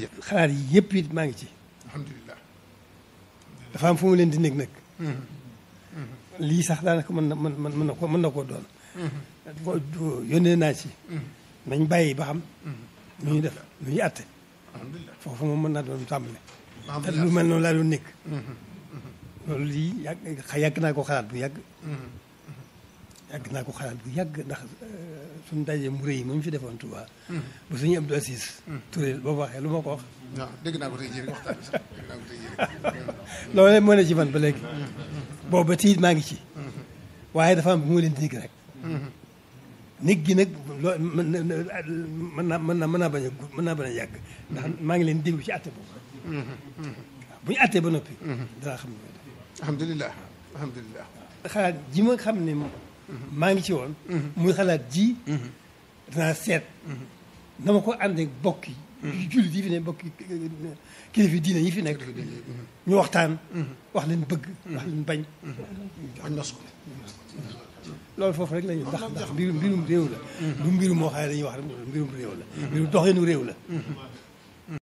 jërëjëf xalaat yi yëpp it maa ngi ci. dafa am fu mu leen di nekk nag. Mm-hmm. lii sax daanaka mën na mën mën na ko mën na koo doon. Mm-hmm. yónnee naa ci. Mm-hmm. nañ bàyyi ba xam. nu ñuy def nu ñuy àtte. foofu moom mën naa doon tàmbale. te lu mel noonu laa doon nekk. loolu lii yàgg naa ko xalaat bu yàgg. yàgg naa ko xalaat bu yàgg ndax euh, suñu daje mu rëy ma ñu fi defoon Touba. ba suñu Abdou Aziz. Touré boo waxee lu ko wax. naa ko tey jii waxtaan bi sax dégg ci man ba léegi. boobu ba tiit maa ngi ci. waaye dafa am bu ma leen dégg rek. nit gi nag loo mën na mën na mën naa bañ mën naa bañ a ndax maa ngi leen déglu ci àtte boobu. bu ñu àttee ba noppi. Mm-hmm. danaa xam ne. alhamdulilah alhamdulilah. xalaat ji maa ngi ci woon. Mm-hmm. muy xalaat ji. Mm-hmm. danaa seet. Mm-hmm. na ko ànd ak bokk yi. jullit yi fi ne bokk kilifa diine yi fi nekk. ñu waxtaan. wax leen bëgg. wax leen bañ. wax nos ko. loolu foofu rek la ñu ndax mbirum mbirum réew la. du mbirum moo xam ne dañuy wax rek mbirum réew la. mbirum doxinu réew la.